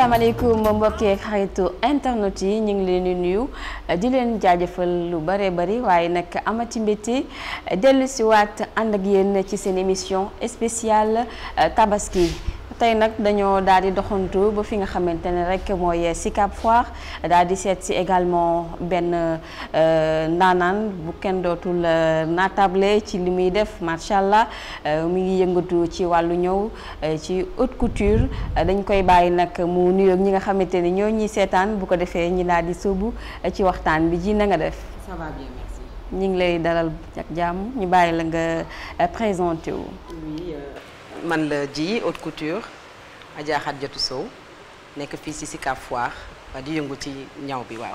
asalaamaaleykum mbokki ak xaritu internet yi ñu ngi leen nuyu di leen jaajeufal lu bari bari waye nak amati mbétti dellu ak yeen ci seen émission spéciale euh, tabaski tay nak dañoo daal doxantou ba fi nga xamantene rek moy Sicap Foire daal di seet si également euh ndaanaan bu kenn dootul euh, naatable ci limuy def machallah allah euh, mu ngi yëngatu ci walu ñew euh, ci haute couture dañ koy bayyi nak mu nuyoog ñi nga xamantene ñoo ñi sétane bu ko defee ñi daal sobu ci waxtaan bi ji na nga def. ça va bien merci. ñi ngi lay dalal ak jamm ñu bayyi la nga présenté wu. man la ji haute couture Adja Khadijatou Sow nek fi ci Sicap Foire di yëngu ci ñaw bi waaw.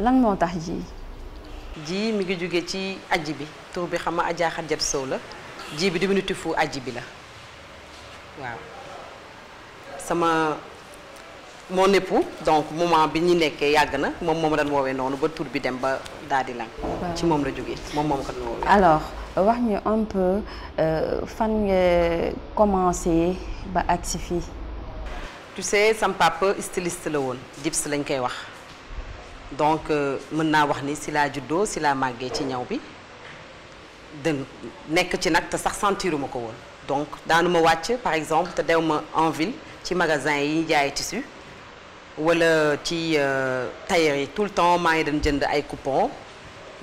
lan mo tax ji. ji mi ngi jóge ci aji bi tur bi xama nga Adja Khadijatou Sow la ji bi diminutif fu aji bi la waaw sama mon époux donc moment bi ñi nekkee yag na mom mom dañ wowe nonu ba tour bi dem ba dadi lan. ci mom la jóge mom mom kat wowe alors. wax ñu un peu euh, fan commencé ba àgg si tu sais son papa est styliste le won, Dips lañ koy wax donc euh, mën naa wax ni si laa juddoo si laa màggee ci ñaw bi De nek ci nak ta sax sentiruma ko woon donc daanuma wacc par exemple te dew ma en ville ci magasin yi ñu jaay tissu wala ci euh, tailleur tout le temps ma ngi doon jënd ay coupons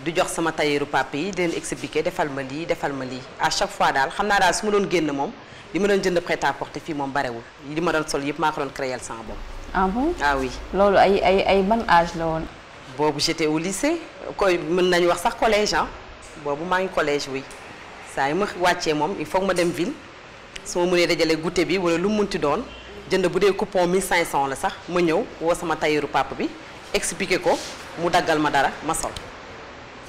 du jox sama tayeeru papa den expliquer defal ma lii defal ma lii à chaque fois dal, xamna dal daal su ma doon génn moom li ma doon jënd prêt à porter fii moom barewul li ma doon sol yëpp ma ko doon créer sama bopp. ah bon ah oui. loolu ay ay ay ban âge la won bobu j'étais au lycée koy mën nañ wax sax collège hein? boobu maa ngi collège oui say ma wàccee mom, il faut ma dem ville su ma mënee dajale goûter bi wala lu mu munti doon jënd budé coupon 1500 la sax ma ñëw wo sama tayeeru papa bi expliquer ko mu daggal ma dara ma sol.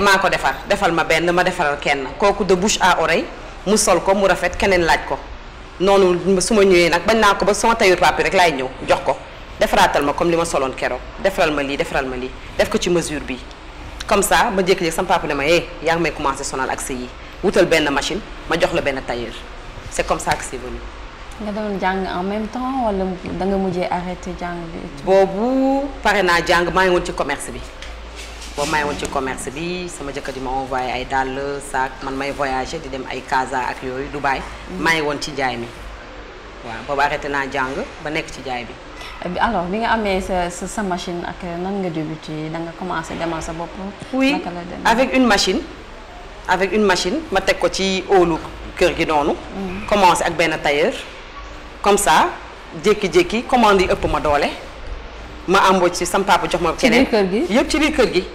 maa ko defar defal ma benn ma defaral kenn kooku de bouche à oreille mu sol ko mu rafet kenen laaj ko noonu suma ma nak bañ naa ko ba sama tayur papi rek lay ñëw jox ko defaraatal ma comme lima ma kéro keroog ma li defaral ma li def ko ci mesure bi comme ça ma jékki-jékki sama papa ne ma eh yaa ngi may commencé sonal ak sey yi wutal benn machine ma jox la ben tailleur c'est comme ça que c'est venu nga doon jang en même temps wala da nga mujjé arrêter jang bi. boobu paré na jang ma ngi won ci commerce bi. Je may commerce bi sama ma envoyé ay dàll saak man may voyagé Casa ak Dubaï. je suis ci jaay mi waaw arrêté Je suis alors vous nga sa machine commencé avec une machine avec une machine ma teg ko ci faire kër gi mm-hmm. commencé ak tailleur. comme ça je suis commande train de ma ma Je ci sam papa de ma. je kër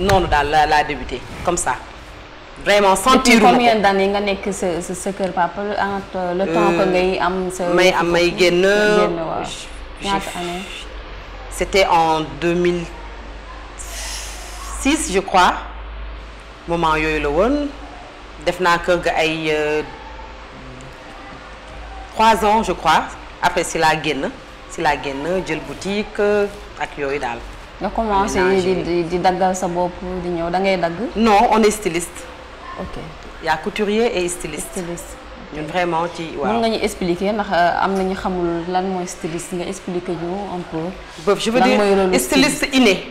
noonu daal la laa débuté comme ça. vraiment sentir ma combien d'années nga nekk ce sa kër papa le temps que euh, ngay am sa. may am may génn c'était en 2006 je crois moment yooyu le woon def naa ga ay euh, trois ans je crois après si laa génn si laa génn jël boutique ak yooyu Dal nga commencé di di daggal sa bopp di ñëw da ngay dagg. non on est styliste. ok y a couturier et styliste. styliste. ñun vraiment ci waaw. mën nga expliquer ndax euh, am na ñu xamul lan mooy styliste nga expliquer ñu un peu. je veux dire styliste inné.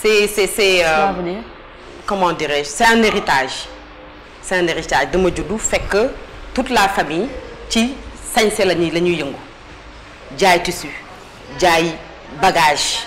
c'est c'est c'est euh, comment dirais-je c'est un héritage. c'est un héritage De dama fait que toute la famille ci sañse la nuit la ñuy yëngu jaay tissu jaay bagage.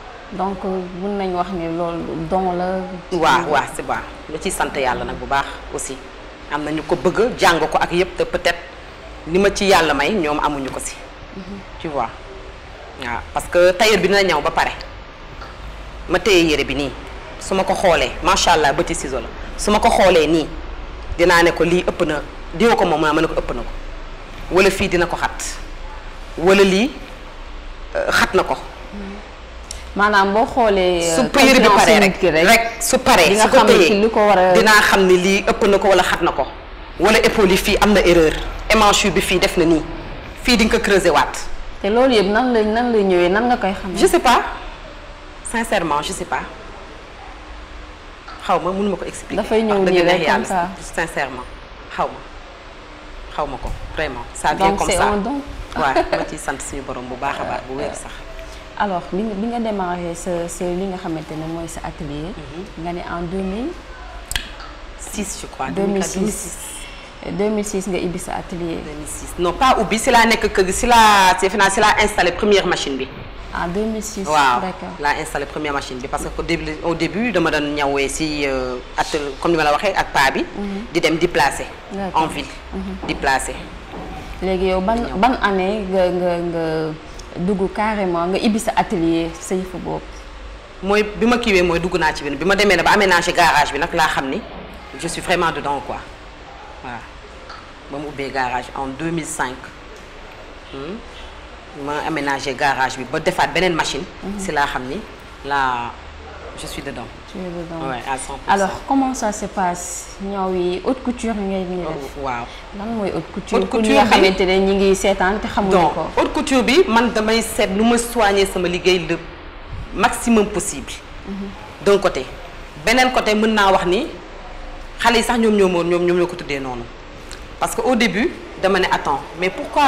donc euh, mun nañ wax ni loolu don la. waaw waaw c'est bon lu ciy sant yàlla nag bu baax aussi am na ñu ko bëgg jàng ko ak yëpp te peut-être li ma ci yàlla may ñoom amuñu ko si. Mhm. tu vois waaw parce que tailleur bi dina ñaw ba pare ma téye yére bi nii su ma ko xoolee macha allah bëti ciseau la su ma ko xoolee nii dinaa ne ko lii ëpp na diwa ko moom ma ne ko ëpp na ko wala fii dina ko xat wala lii euh, xat na ko. maanaam boo xoolee. Euh, su yëre bi paree rek rek su paree su ko war a dinaa xam ne lii ëpp na ko wala xat na ko. wala épaule yi fii am na erreur émanche bi fii def na nii fii di nga ko creuser waat. te loolu yëpp nan la nan lay ñëwee nan nga koy xam. je pas sincèrement je xaw ma mënu ma ko expliquer. dafay ñëw nii rek comme saa sincèrement xaw ma xaw ma ko vraiment. ça vient comme ça donc c'est un don. waaw ma ciy sant suñu borom bu baax a baax bu wér sax. alors bi nga bi démarré ce ce, li nga xamante ne sa atelier. Mhm. nga en 2006 je crois 2006. 2006 nga ibbi atelier. 2006 non pas ubi, c'est là que que si la c'est finalement installé première machine bi. En 2006. d'accord. La installé première machine parce qu'au début je me dama doon ñawee si euh, comme ni ma la waxee ak paa bi. Mhm. di dem en ville. Mhm. déplacer. placer. léegi yow ban ban année nga nga nga dugu carrément nga ibi sa atelier sa yëfu moy bima bi moy kiiwee mooy ci ben bima démé demee ba aménagé garage bi nak la xamni je suis vraiment dedans quoi voilà ba mu garage en 2005 hmm, ma aménagé garage bi ba défat benen machine. c'est mhm. la xamni la je suis dedans. Tu es dedans. Ouais, à 100%. Alors, comment ça se passe ñaw yi haute couture ngay ñu def. Oh, waaw lan mooy haute couture. haute couture bi nga xamante ne ñu ngi seetaan te xamuñu ko. haute couture bi man damay seet lu ma soigner sama liggéey le maximum possible. Mhm. d'un côté autre côté je naa wax ni xale yi sax ñoom ñoo moon ñoom ñoom ñoo ko parce que au début dama ne attends mais pourquoi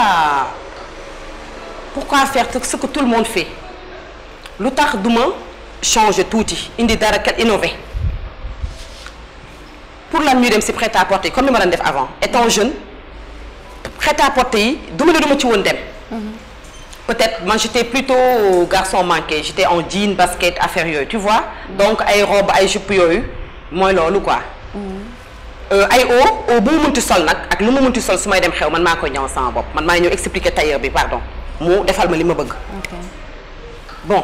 pourquoi faire ce que tout le monde fait lu tax duma change tuuti indi dara kat innover pour la ñuy dem si prêt à porter comme ni ma def avant étant jeune prêt à porter yi du ma ne du ma ci woon dem. Mhm. peut-être man j'étais plutôt garçon manqué j'étais en jean basket affaire yooyu tu vois. Mhm. donc ay robe ay jupe yooyu mooy loolu quoi. Mhm. Euh, ay o o bu mu sol nag ak lu mu sol su may dem xew man maa koy ñëw sama man maa ñëw expliquer tailleur bi pardon mu defal ma li ma bëgg. bon.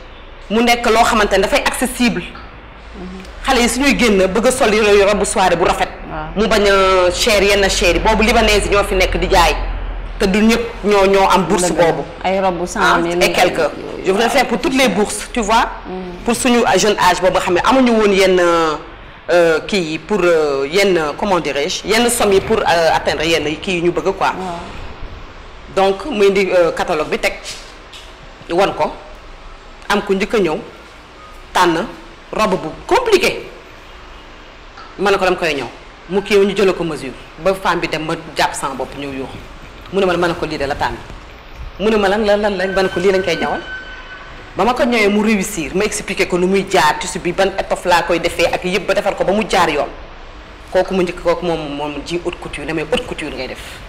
mu nekk loo xamante ne accessible xale yi suñuy génn bëgg a sol yooyu robu soirée bu rafet mu bañ cher yenn cher bobu libanaise yi ñoo fi nekk di jaay te du ñëpp ño ño am bourse bobu ay robu cent ah, mille et quelques je voudrais faire pour toutes les bourses tu vois mm. pour suñu jeune âge bobu xamé amuñu won yenn euh yi pour euh, yenn comment dirais-je yenn somme yi pour euh, atteindre yenn kii ñu bëgg quoi donc muy indi euh, catalogue bi tek won ko am ku njëkk a ñëw tànn rob bu compliqué ma ne ko dama koy ñëw mu kii ñu jëlee ko mesure ba femme bi dem ma jàpp sama bopp ñëw yoo mu ne ma ma ne ko lii de la tànn mu ne ma lan lan lan lañ ma ko lii lañ koy ñawal ba ma ko ñëwee mu réussir ma expliqué ko nu muy jaar tissu bi ban étoffe laa koy defee ak yëpp ba defar ko ba mu jaar yoon kooku mu njëkk kooku moom moom ji haute couture damay haute couture ngay def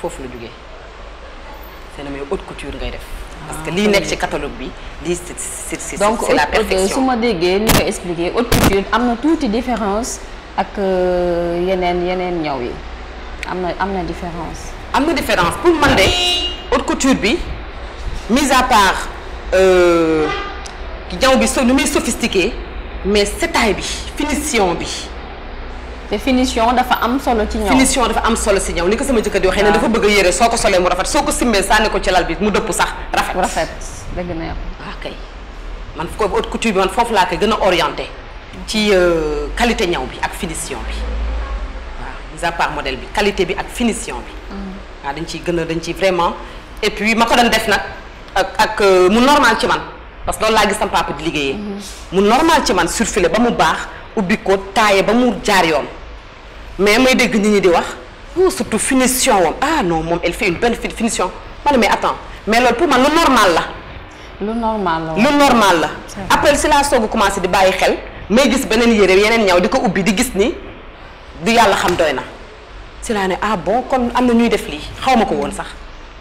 foofu la jógee c'est damay haute couture ngay def. parce que catalogue c'est la perfection donc si ma li haute couture différence ak que euh, différence. différence pour moi, couture bi à part euh, ñaw sophistiqué mais taille, la finition bi te finition dafa am solo ci finition dafa am solo si ni sama di waxé que dafa bëgg yéré soko mu rafet soko simé ko ci lal bi mu dëpp sax rafet. rafet dëgg na yow. vous ah, kay man ko couture bi man orienté ci euh, qualité ñaw bi ak finition bi modèle bi qualité bi ak finition bi. Mm. Ah, vraiment et puis vous le def nak ak euh, normal ci man parce que la gis sama papa di mm-hmm. mu normal ci man surfilé ba mu baax ubbi ko ba mu jaar mais elle a ñi di oh, surtout finition ah non elle fait une bonne finition mais attends mais pour moi, c'est normal la. Le normal la vous normal la. après si la commencé di dire xel vous gis ñaw di ko ubbi di gis ni ah bon comme am ñuy def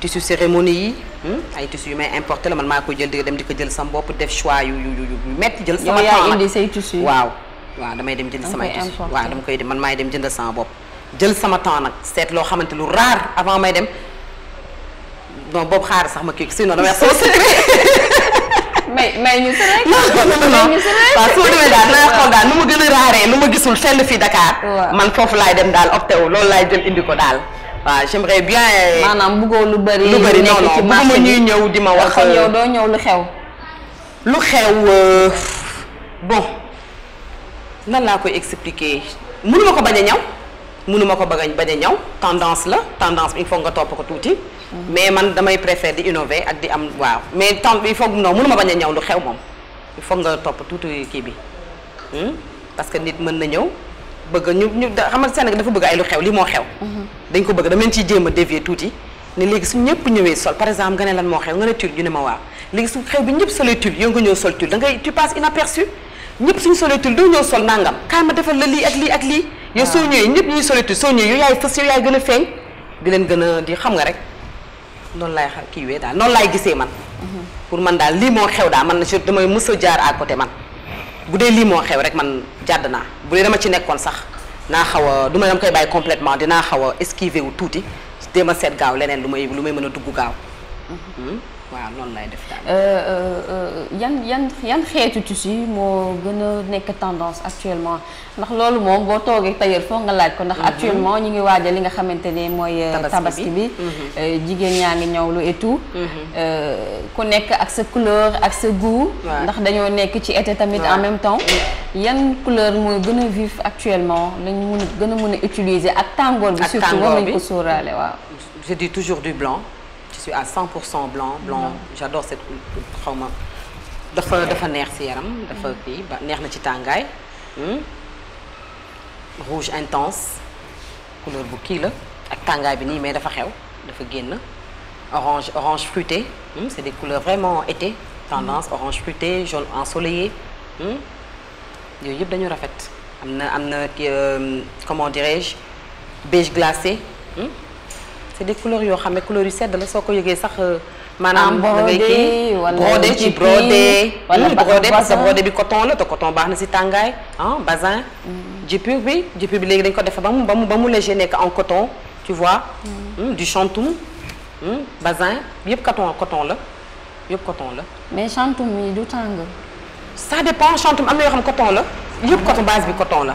tissu cérémonie yi hmm? ay tissu yu may importer la man mako jël di dem di ko jël sama bopp def choix yu yu yu metti jël sama temps indi say tissu waaw waaw damay dem jënd sama tissu waaw dama koy dem man may dem jënd sama bopp jël sama temps nak set lo xamanteni lu rare avant may dem non bop xaar sax ma kii sino damay sama mais mais ñu si rek. non waaw su ma demee daal damay xool daal nu ma gën a gisul fenn fi Dakar. man fofu lay dem dal opté wu lool lay jël indi ko dal waaw ah, j'aimerais bien. Euh, manam bugo lu bari lu bari non non bëgguma ñuy ñew di ma wax. ñew do ñew lu xew. lu xew euh, bon nan la koy expliquer mënuma ko baña ñaw mënuma ko baña baña ñaw tendance la tendance il faut nga top ko touti mm. mais man damay préférer di innover ak di am waaw mais tant il faut non mënuma baña ñaw lu xew mom il faut nga top tuuti ki bi hmm? parce que nit mën na ñew bëgg ñu ñu xam nga Sénégal dafa bëgg ay lu xew li moo xew. Mhm. dañ ko bëgg dama leen ciy jéem a dévier tuuti ne léegi su ñëpp ñëwee sol par exemple nga ne lan moo xew nga ne tulle ñu ne ma waaw léegi su xew bi ñëpp solee tulle yow nga ñëw sol tulle da ngay tu passes inaperçu ñëpp suñu solee tulle doo ñëw sol nangam kaay ma defal la lii ak lii ak lii. yow soo ñëwee ñëpp ñuy solee tulle soo ñëwee yow yaay fës yow yaay gën a feeñ di leen gën a di xam nga rek noonu laay kiiwee daal noonu laay gisee man mhm. pour man daal lii moo xew daal man na si damay mës a jaar à côté man bu dee lii moo xew rek man jàdd naa bu dee dama ci nekkoon sax naa xaw a du ma dama koy bàyyi complètement dinaa xaw a esquiver wu tuuti déema seet gaaw leneen lu may lu may mën a dugg gaaw mm-hmm. hmm? waaw noonu lay def daal. Euh, euh, euh, yan yan yan xeetu tissu moo gën a nekk tendance actuellement ndax loolu moom boo toogee tailleur foog nga laaj ko ndax mhm. actuellement ñu ngi waajal li nga xamante ne mooy. tabaski bi mhm. jigéen ñaa ngi ñawlu et tout. Mhm. ku nekk ak sa couleur ak sa goût. ndax dañoo nekk ci été tamit en même temps. yan couleur mooy gën a vif actuellement lañ mun gën a mun a utiliser ak tàngoor bi. surtout war nañ ko sóoraale waaw. je dis toujours du blanc je suis à 100% blanc blanc mm-hmm. j'adore cette couleur. de dafa dafa neex ci yaram dafa mm-hmm. kii ba na ci hmm? rouge intense couleur bu kii la ak bi mais dafa xew dafa génn orange orange fruité hmm? c'est des couleurs vraiment été tendance mm-hmm. orange fruité jaune ensoleillé Il hmm? y dañu des am na euh, comment dirais-je beige glacé des couleurs yo xamé couleurs yu la soo ko sax euh, manam ah, da ngay kii brodé ci brodé wala brodé parce que brodé bi coton la te coton baax na si tàngaay bazin hein, mm. juppu bi juppu bi légui dañ ko defe ba mu ba mu en coton tu vois mm. Mm, du chantoum bazin yépp coton coton la yépp coton la mais chantoum mi du tanga ça dépend chantoum am yo xam coton la yépp coton base bi coton la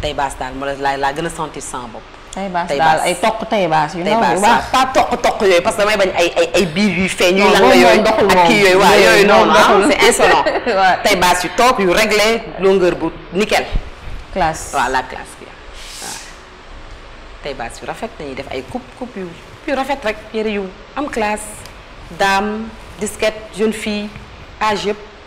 tey bas daal ma la la gën a sentir sans bob tey bas daal ay toq tey baas yu ndaw yu pa pas top yoy parce que damay bañ ay ay ay biir feñ yu yuy lang yooyu ak ki yoy wa yoy non c'est insolent. waaw bas yu top yu réglé longueur bu nickel. classe wa la classe bi waaw. tey yu rafet dañuy def ay coupe coupe yu yu rafet rek yéré yu am classe dame disquette jeune fille âge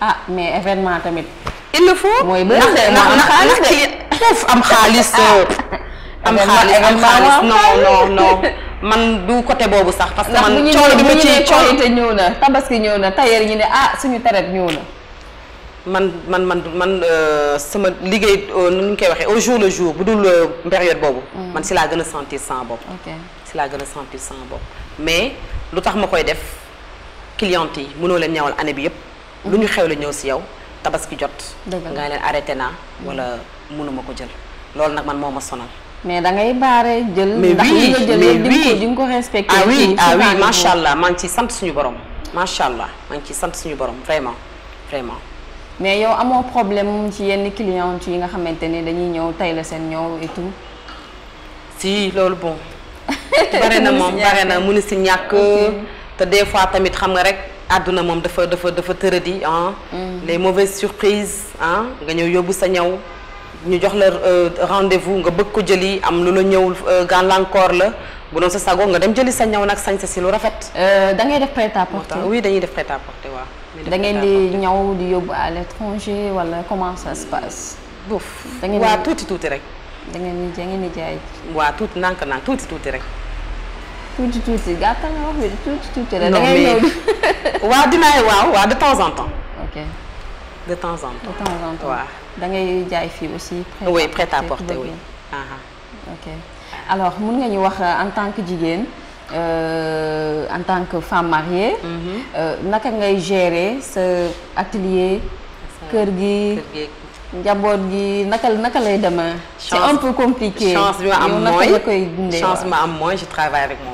ah mais événement tamit. il le faut mooy bëri de foofu am xaalis. Ah. am xaliss am xaalis non non non. man du côté bobu sax parce que man coono bi ma ci coono te ñëw na tabaski ñëw na tayer ñi ne ah suñu traite ñëw na. man man man man euh, sama liguey euh, nu ñu koy waxee au jour le jour bu dul euh, période boobu. Mm. man si la gëna sentir sans bopp. si laa gën a sentir sans bopp mais lutax ma koy def client yi mëno leen ñawal année bi yëpp lu ñu xew la ñëw si yow tabaski jot. nga leen arrêté na wala mënuma ko jël lool nak man moma sonal. mais da ngay baré jël. ndax li nga jël di nga ko respecté. ah oui ah oui machallah man ci sante suñu borom machallah man ci sante suñu borom vraiment vraiment. mais yow amo problème ci yenn client yi nga xamante ni dañuy ñëw tay la sen ñew et tout. si lool bon. bare na moom bare na mënu ni si ñàkk te des fois tamit xam nga rek aduna mom dafa dafa dafa hein les mauvaises surprises hein nga ñëw yobu sa ñaw ñu jox euh, rendez-vous nga bëgg ko jëli am lu la euh, la bu non sa sago nga dem jëli sa sañ sa euh, da ngay def prêt-à-porter oui dañuy def prêt-à-porter da ngay di à l'étranger wala comment ça se passe. ngay tout tout tout. rek. da ngay ni da ngay ni jaay. wa tout tout tout gàttal nga wax tout tout, tuuti tuuti la. da ngay ñëw waaw dinaa waaw waaw de temps en temps. ok de temps en temps. de temps en temps waaw. da ngay jaay fii aussi. prêt oui prête à porter oui. Uh-huh. ok alors mun nga ñu wax euh, en tant que jigéen. Euh, en tant que femme mariée. Mm-hmm. Euh, naka ngay gérer ce atelier. kër gi njaboot gi naka naka lay c'est un peu compliqué. chance bi ma am chance mais ma am je travaille avec mon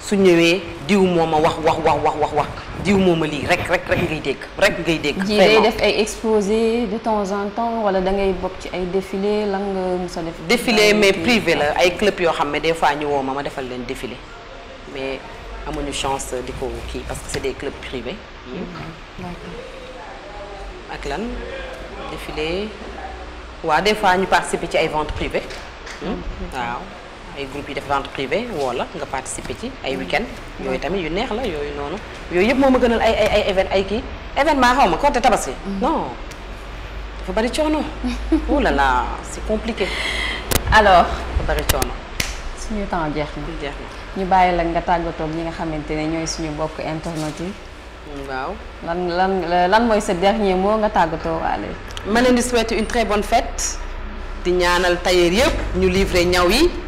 su ñëwé diw moma wax wax wax wax wax wax diw moma li rek rek rek ngay dégg rek ngay dégg. di lay def ay exposé de temps en temps wala da ngay bokk ci ay défilé lan nga mus a def. défilé mais privé la ay club yo xam des fois ñu woma ma défal defal leen défilé mais amuñu chance di ko kii parce que c'est des clubs privés. ak lan défilé waaw des fois ñu participer ci ay ventes privées. waaw ay groupe yi def vente privée woo nga participer ci ay mm. week-end mm. yooyu tamit yu neex la yooyu noonu yooyu yëpp moo ma gënal ay ay ay event ay kii événement xaw ma côté tabaski mm. non dafa bari coono oh là là c'est compliqué alors dafa bari coono suñu temps jeex na jeex na ñu bàyyi la nga tàggatoog ñi nga xamante ne ñooy suñu bokk internet yi waaw lan lan lan mooy sa dernier mot nga tàggatoo waale ma leen di souhaiter une très bonne fête di ñaanal tailleur yëpp ñu livrer ñaw yi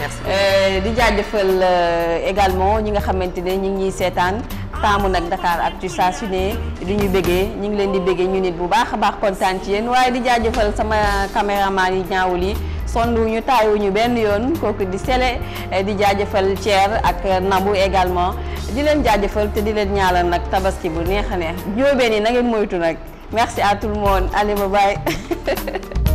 merci euh, di jaajëfal euh, également ñi nga xamante ne ñu ngi seetaan taamu nag Dakar Actu saa su ne di ñu bëggee ñu ngi leen di bëggee ñu nit bu baax a baax kontaan ci yéen waaye di jaajëfal sama caméraman yi ñaawul yi wu ñu taayu ñu benn yoon kooku di sele euh, di jaajëfal Thier ak nabu également di leen jaajëfal te di leen ñaala nag tabaski bu neex a neex jóobeen yi na ngeen moytu nag merci à tout le monde allez